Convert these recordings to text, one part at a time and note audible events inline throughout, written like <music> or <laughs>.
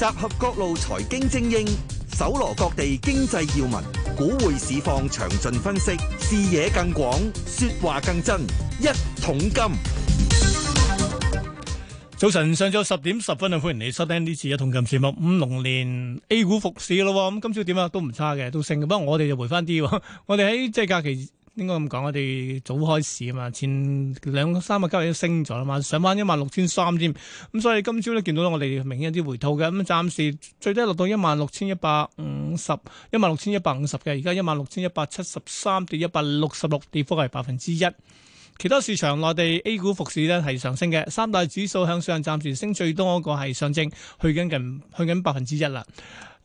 集合各路財經精英，搜羅各地經濟要聞，股匯市況詳盡分析，視野更廣，說話更真。一桶金，早晨，上晝十點十分，歡迎你收聽呢次嘅一桶金節目。五龍年 A 股復市咯，咁今朝點啊？都唔差嘅，都升嘅。不過我哋就回翻啲， <laughs> 我哋喺即係假期。應該咁講，我哋早開市啊嘛，前兩三個交易日都升咗啦嘛，上翻一萬六千三添，咁、啊、所以今朝咧見到我哋明顯有啲回吐嘅，咁、啊、暫時最低落到一萬六千一百五十，一萬六千一百五十嘅，而家一萬六千一百七十三，跌一百六十六，跌幅係百分之一。其他市場內地 A 股服市咧係上升嘅，三大指數向上，暫時升最多嗰個係上證，去緊近去緊百分之一啦。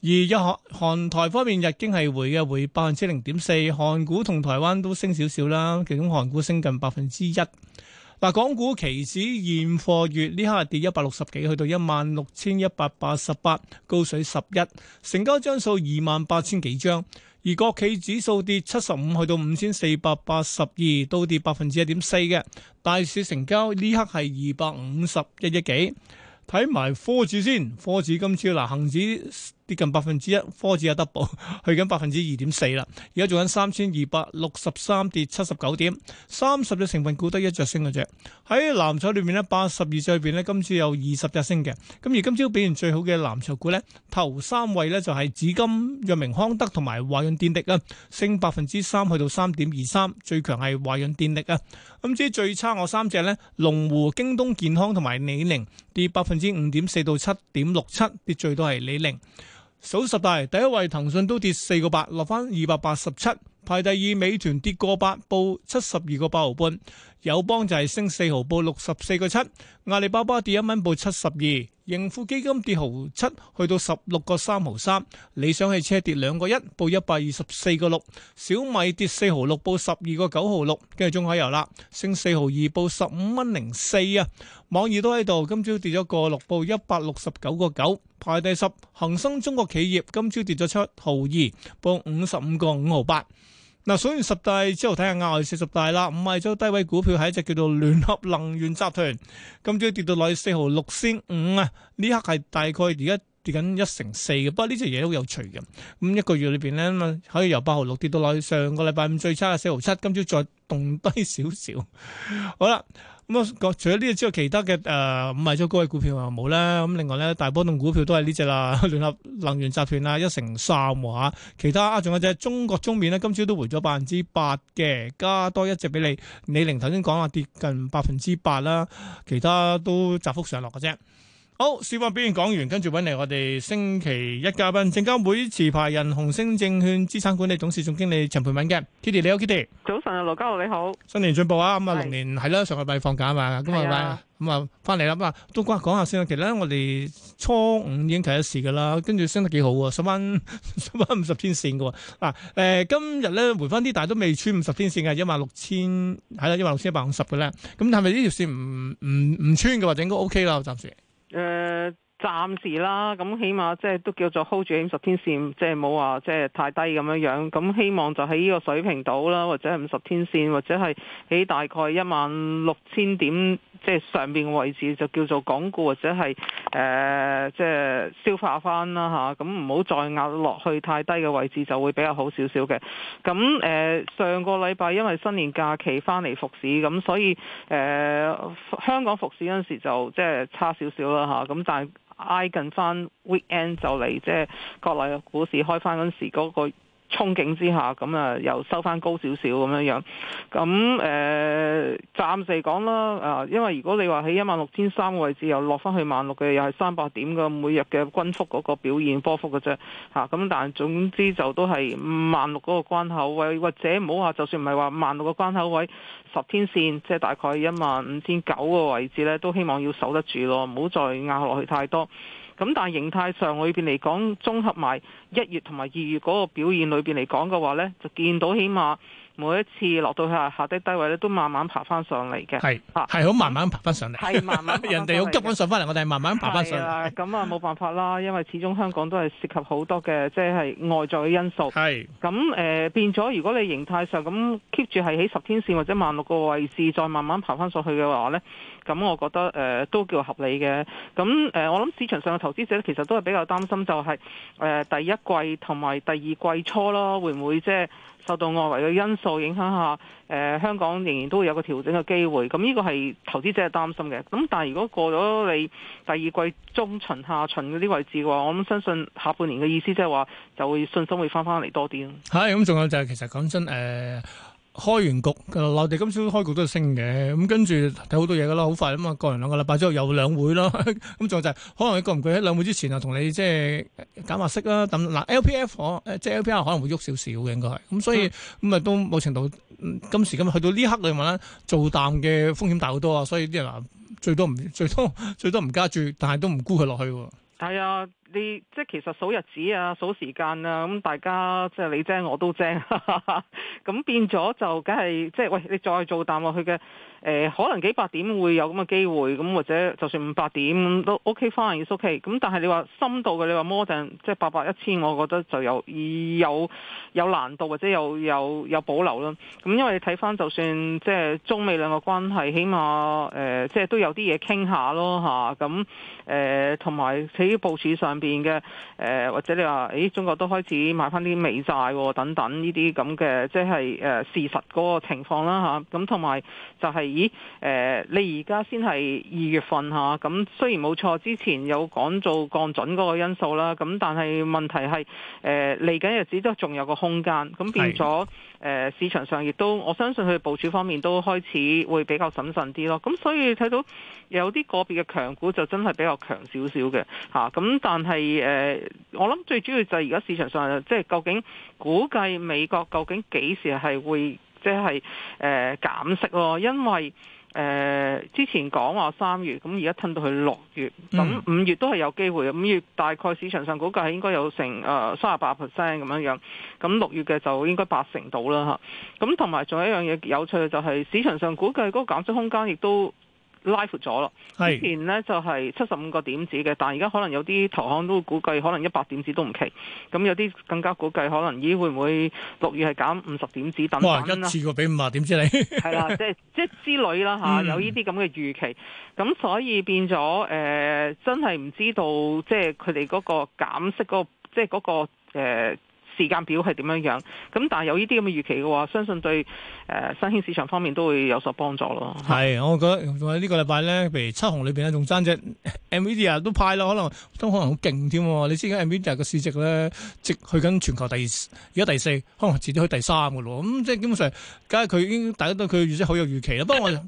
而日韓台方面，日經係回嘅，回百分之零點四。韓股同台灣都升少少啦，其中韓股升近百分之一。嗱，港股期指現貨月呢刻係跌一百六十幾，去到一萬六千一百八十八，高水十一，成交張數二萬八千幾張。而國企指數跌七十五，去到五千四百八十二，都跌百分之一點四嘅。大市成交呢刻係二百五十一億幾。睇埋科指先，科指今次嗱，恒指。跌近百分之一，科指又 double 去緊百分之二點四啦。而家做緊三千二百六十三跌七十九點，三十隻成分股得一隻升嘅啫。喺藍籌裏面咧，八十二隻裏面咧，今朝有二十隻升嘅。咁而今朝表現最好嘅藍籌股咧，頭三位咧就係紫金、藥明康德同埋華潤電力啊，升百分之三，去到三點二三。最強係華潤電力啊。咁至最差我三隻咧，龍湖、京東健康同埋李寧跌百分之五點四到七點六七，跌最多係李寧。數十大第一位，騰訊都跌四個八，落翻二百八十七。排第二，美團跌個八，報七十二個八毫半。友邦就係升四毫，報六十四個七。阿里巴巴跌一蚊，報七十二。盈富基金跌毫七，去到十六個三毫三。理想汽車跌兩個一，報一百二十四個六。小米跌四毫六，報十二個九毫六。跟住中海油啦，升四毫二，報十五蚊零四啊。網易都喺度，今朝跌咗個六，報一百六十九個九，排第十。恒生中國企業今朝跌咗七毫二，報五十五個五毫八。嗱、啊，數完十大之後看看，睇下亞外四十大啦。五號走低位股票係一隻叫做聯合能源集團，今朝跌到落去四毫六先五啊！呢刻係大概而家跌緊一成四嘅。不過呢隻嘢都好有趣嘅。咁一個月裏邊咧，可以由八毫六跌到落去上個禮拜五最差嘅四毫七，今朝再動低少少。好啦。咁啊，除咗呢隻之外，其他嘅誒、呃、五十二週高位股票又冇啦。咁另外咧，大波動股票都係呢隻啦，聯合能源集團啊，一成三喎、啊、其他啊，仲有隻中國中免咧，今朝都回咗百分之八嘅，加多一隻俾你。李玲頭先講話，跌近百分之八啦，其他都窄幅上落嘅啫。好，話說話表演講完，跟住揾嚟我哋星期一嘉賓，證監會持牌人，紅星證券資產管理董事總經理陳蓓敏嘅，Kitty，你好，Kitty，早晨啊，羅嘉豪你好，Katie、你好新年進步啊，咁啊對，龍年係啦，上個禮拜放假啊嘛，咁 <laughs> 啊い，咁啊，翻嚟啦，咁啊，都講下先啦，其實咧，我哋初五已經睇一時噶啦，跟住升得幾好啊，十蚊，十蚊五十天線噶，嗱，誒，今日咧回翻啲，但係都未穿五十天線噶，一萬六千，係啦，一萬六千一百五十嘅咧，咁係咪呢條線唔唔唔穿嘅話，應該 OK 啦，暫時。誒、呃、暫時啦，咁、嗯、起碼即係都叫做 hold 住五十天線，即係冇話即係太低咁樣樣。咁、嗯、希望就喺呢個水平度啦，或者係五十天線，或者係起大概一萬六千點。即係上邊位置就叫做鞏固或者係誒，即、呃、係、就是、消化翻啦嚇。咁唔好再壓落去太低嘅位置，就會比較好少少嘅。咁誒、呃、上個禮拜因為新年假期翻嚟復市，咁所以誒、呃、香港復市嗰陣時就即係、就是、差少少啦嚇。咁、啊、但係挨近翻 weekend 就嚟，即、就、係、是、國內嘅股市開翻嗰陣時嗰、那個。憧憬之下，咁啊又收翻高少少咁樣樣，咁誒、呃、暫時講啦，啊，因為如果你話喺一萬六千三個位置又落翻去萬六嘅，又係三百點嘅每日嘅均幅嗰個表現波幅嘅啫，嚇、啊、咁但係總之就都係萬六嗰個關口位，或者唔好話就算唔係話萬六個關口位，十天線即係、就是、大概一萬五千九個位置呢，都希望要守得住咯，唔好再壓落去太多。咁但係，形態上，裏邊嚟講，綜合埋一月同埋二月嗰個表現裏邊嚟講嘅話咧，就見到起碼，每一次落到去下跌低位咧，都慢慢爬翻上嚟嘅。係是，係好、啊、慢慢爬翻上嚟。係慢慢，人哋好急緊上翻嚟，我哋係慢慢爬翻上嚟。咁啊， <laughs> 冇 <laughs> 辦法啦，因為始終香港都係涉及好多嘅，即、就、係、是、外在嘅因素。係是，咁誒、呃、變咗，如果你形態上咁 keep 住係喺50天線或者萬六個位置，再慢慢爬翻上去嘅話咧，咁我覺得誒、呃、都叫合理嘅。咁誒、呃，我諗市場上嘅投資者其實都係比較擔心、就是，就係誒第一季同埋第二季初咯，會唔會即係？呃受到外圍嘅因素影響下，誒、呃、香港仍然都會有個調整嘅機會。咁呢個係投資者擔心嘅。咁但係如果過咗你第二季中旬、下旬嗰啲位置嘅話，我諗相信下半年嘅意思即係話就會信心會翻翻嚟多啲咯。嚇！咁仲有就係其實講真誒。呃開完局，內地今朝開局都係升嘅，咁跟住睇好多嘢噶啦，好快啊嘛，過完兩個禮拜之後有兩會啦，咁 <laughs> 再、嗯、就係、是、可能佢過唔過喺兩會之前啊，同你即係減下息啦，等嗱 L P F 即係 L P R 可能會喐少少嘅應該係，咁、嗯、所以咁啊、嗯嗯、都冇程度、嗯，今時今日去到呢一刻裡面呢刻你問啦，做淡嘅風險大好多啊，所以啲人最多唔最多最多唔加注，但係都唔沽佢落去喎。係啊。你即係其實數日子啊，數時間啊，咁大家即係你精我都精，咁 <laughs> 變咗就梗係即係喂你再做淡落去嘅，誒、呃、可能幾百點會有咁嘅機會，咁、呃、或者就算五百點都 OK fine 亦都 OK。咁但係你話深度嘅，你話摩陣即係八百一千，我覺得就有有有難度或者有有有保留啦。咁、嗯、因為睇翻就算即係中美兩個關係，起碼誒、呃、即係都有啲嘢傾下咯嚇。咁誒同埋喺部署上邊。嘅誒，或者你話，誒中國都開始買翻啲美債、哦、等等呢啲咁嘅，即係誒、呃、事實嗰個情況啦吓，咁同埋就係、是，咦誒、呃，你而家先係二月份吓，咁、啊、雖然冇錯，之前有講做降準嗰個因素啦，咁、啊、但係問題係誒嚟緊日子都仲有個空間，咁、啊、變咗。誒市場上亦都，我相信佢部署方面都開始會比較審慎啲咯。咁所以睇到有啲個別嘅強股就真係比較強少少嘅嚇。咁、啊、但係誒、呃，我諗最主要就係而家市場上即係究竟估計美國究竟幾時係會即係誒減息咯，因為，誒之前講話三月，咁而家褪到去六月，咁五、嗯、月都係有機會嘅。五月大概市場上估計應該有成誒三十八 percent 咁樣樣，咁六月嘅就應該八成到啦嚇。咁同埋仲有一樣嘢有趣嘅就係市場上估計嗰個減息空間亦都，拉闊咗咯，之是前咧就係七十五個點子嘅，但係而家可能有啲投行都估計可能一百點子都唔奇，咁有啲更加估計可能咦會唔會六月係減五十點子等等啦。一次過俾五十點子你？係 <laughs> 啦，即係即係之類啦嚇、啊，有呢啲咁嘅預期，咁所以變咗誒、呃，真係唔知道即係佢哋嗰個減息嗰即係嗰個、就是那個呃時間表係點樣樣？咁但係有呢啲咁嘅預期嘅話，相信對誒、呃、新興市場方面都會有所幫助咯。係，我覺得呢個禮拜咧，譬如七雄裏邊咧，仲爭隻 NVIDIA 都派咯，可能都可能好勁添。你知嘅 NVIDIA 個市值咧，直去緊全球第二，而家第四，可能遲啲去第三嘅咯。咁、嗯、即係基本上，梗係佢已經大家都對佢預測好有預期啦。不過我就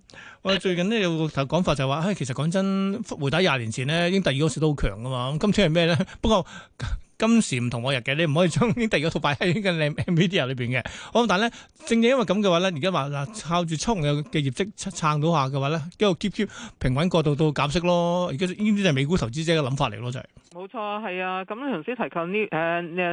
我最近呢，有個講法就話、是，誒、哎、其實講真，回打廿年前呢，已經第二公司都好強嘅嘛。咁今次係咩咧？不過。 <laughs> 今時唔同往日嘅，你唔可以將第二個套擺喺嘅 NVIDIA 裏邊嘅。咁但係咧，正正因為咁嘅話咧，而家話嗱靠住衝嘅嘅業績撐到下嘅話咧，一路 keep keep 平穩過渡到減息咯。而家呢啲就係美股投資者嘅諗法嚟咯，就係。冇錯，係啊。咁頭先提及呢誒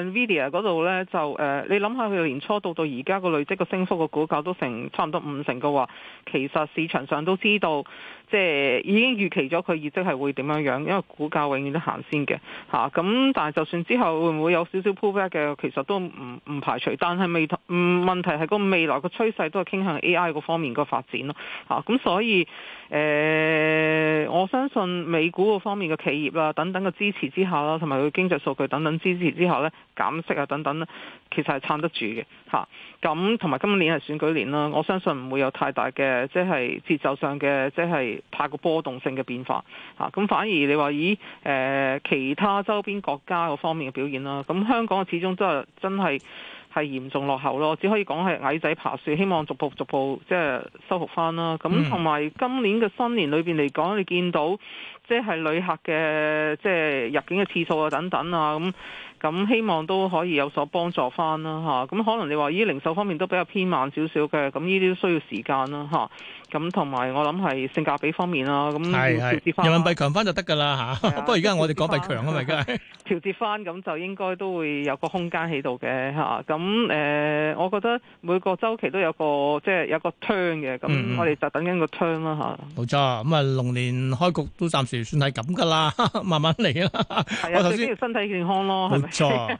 NVIDIA 嗰度咧，就、呃、誒你諗下佢年初到到而家個累積個升幅個股價都成差唔多五成嘅話，其實市場上都知道。即係已經預期咗佢業績係會點樣樣，因為股價永遠都行先嘅嚇。咁、啊、但係就算之後會唔會有少少 pullback 嘅，其實都唔唔排除。但係未同問題係個未來個趨勢都係傾向 AI 嗰方面個發展咯嚇。咁、啊、所以誒、呃，我相信美股個方面嘅企業啦，等等嘅支持之下啦，同埋佢經濟數據等等支持之下呢，減息啊等等，呢，其實係撐得住嘅嚇。咁同埋今年係選舉年啦，我相信唔會有太大嘅即係節奏上嘅即係。太過波動性嘅變化嚇，咁、啊、反而你話，以誒、呃，其他周邊國家嗰方面嘅表現啦，咁、啊、香港始終都係真係係嚴重落後咯，只可以講係矮仔爬樹，希望逐步逐步即係收復翻啦。咁同埋今年嘅新年裏邊嚟講，你見到即係旅客嘅即係入境嘅次數等等啊，等等啊咁。咁希望都可以有所幫助翻啦嚇，咁可能你話呢啲零售方面都比較偏慢少少嘅，咁呢啲都需要時間啦嚇。咁同埋我諗係性價比方面啦，咁調節翻。人民幣強翻就得㗎啦嚇，的 <laughs> 不過而家我哋港幣強啊嘛，而家係調節翻，咁 <laughs> 就應該都會有個空間喺度嘅嚇。咁、啊、誒，嗯嗯、我覺得每個週期都有個即係有個 turn 嘅，咁我哋就等緊個 turn 啦嚇。冇、啊、錯，咁啊龍年開局都暫時算係咁㗎啦，慢慢嚟啦。的最緊剛要身體健康咯，係咪每？錯，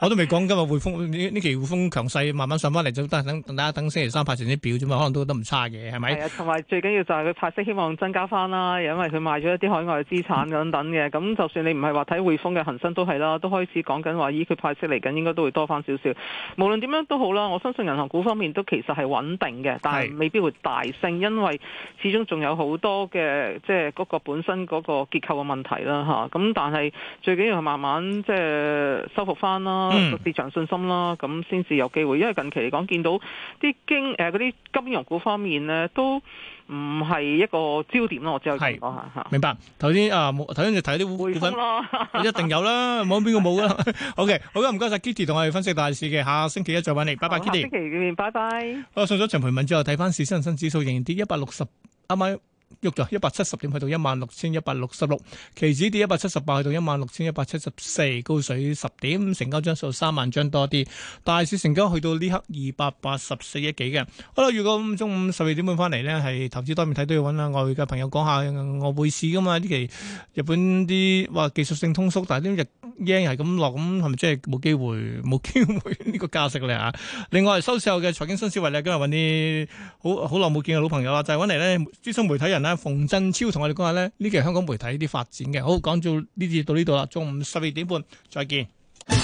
我都未講今日匯豐呢期匯豐強勢慢慢上翻嚟，就等等等等，等等星期三派完啲表啫嘛，可能都都唔差嘅，係咪？係啊，同埋最緊要就係佢派息，希望增加翻啦。因為佢賣咗一啲海外資產等等嘅，咁就算你唔係話睇匯豐嘅恒生都係啦，都開始講緊話，咦，佢派息嚟緊，應該都會多翻少少。無論點樣都好啦，我相信銀行股方面都其實係穩定嘅，但係未必會大升，因為始終仲有好多嘅即係嗰個本身嗰個結構嘅問題啦，吓。咁但係最緊要係慢慢即係。誒，修復翻啦，市場信心啦，咁先至有機會。因為近期嚟講，見到啲經誒啲金融股方面咧，都唔係一個焦點咯。我只有咁講下。明白。頭先啊，頭先就睇啲股，風 <laughs> 一定有啦，冇邊個冇啦。 <laughs> OK，好啦，唔該晒，Kitty 同我哋分析大市嘅。下星期一再揾你，拜拜，Kitty。好 itty 下星期見，拜拜。好，上咗陳蓓敏之後，睇翻市，恒生指數仍然跌一百六十，啱咪。喐咗一百七十點去到一萬六千一百六十六，期指跌一百七十八去到一萬六千一百七十四，高水十點，成交張數三萬張多啲，大市成交去到呢刻二百八十四億幾嘅。好啦，如果中午十二點半翻嚟咧，係投資多面睇都要揾下外匯嘅朋友講下，外匯市噶嘛？呢期日本啲話技術性通縮，但係啲日 yen 係咁落，咁係咪即係冇機會，冇機會呢個價值咧啊？另外收市後嘅財經新思維咧，今日揾啲好好耐冇見嘅老朋友啦，就係揾嚟咧資深媒體人啦。馮振超同我哋講下咧呢期香港媒體啲發展嘅，好講到呢節到呢度啦，中午十二點半再見。 <music>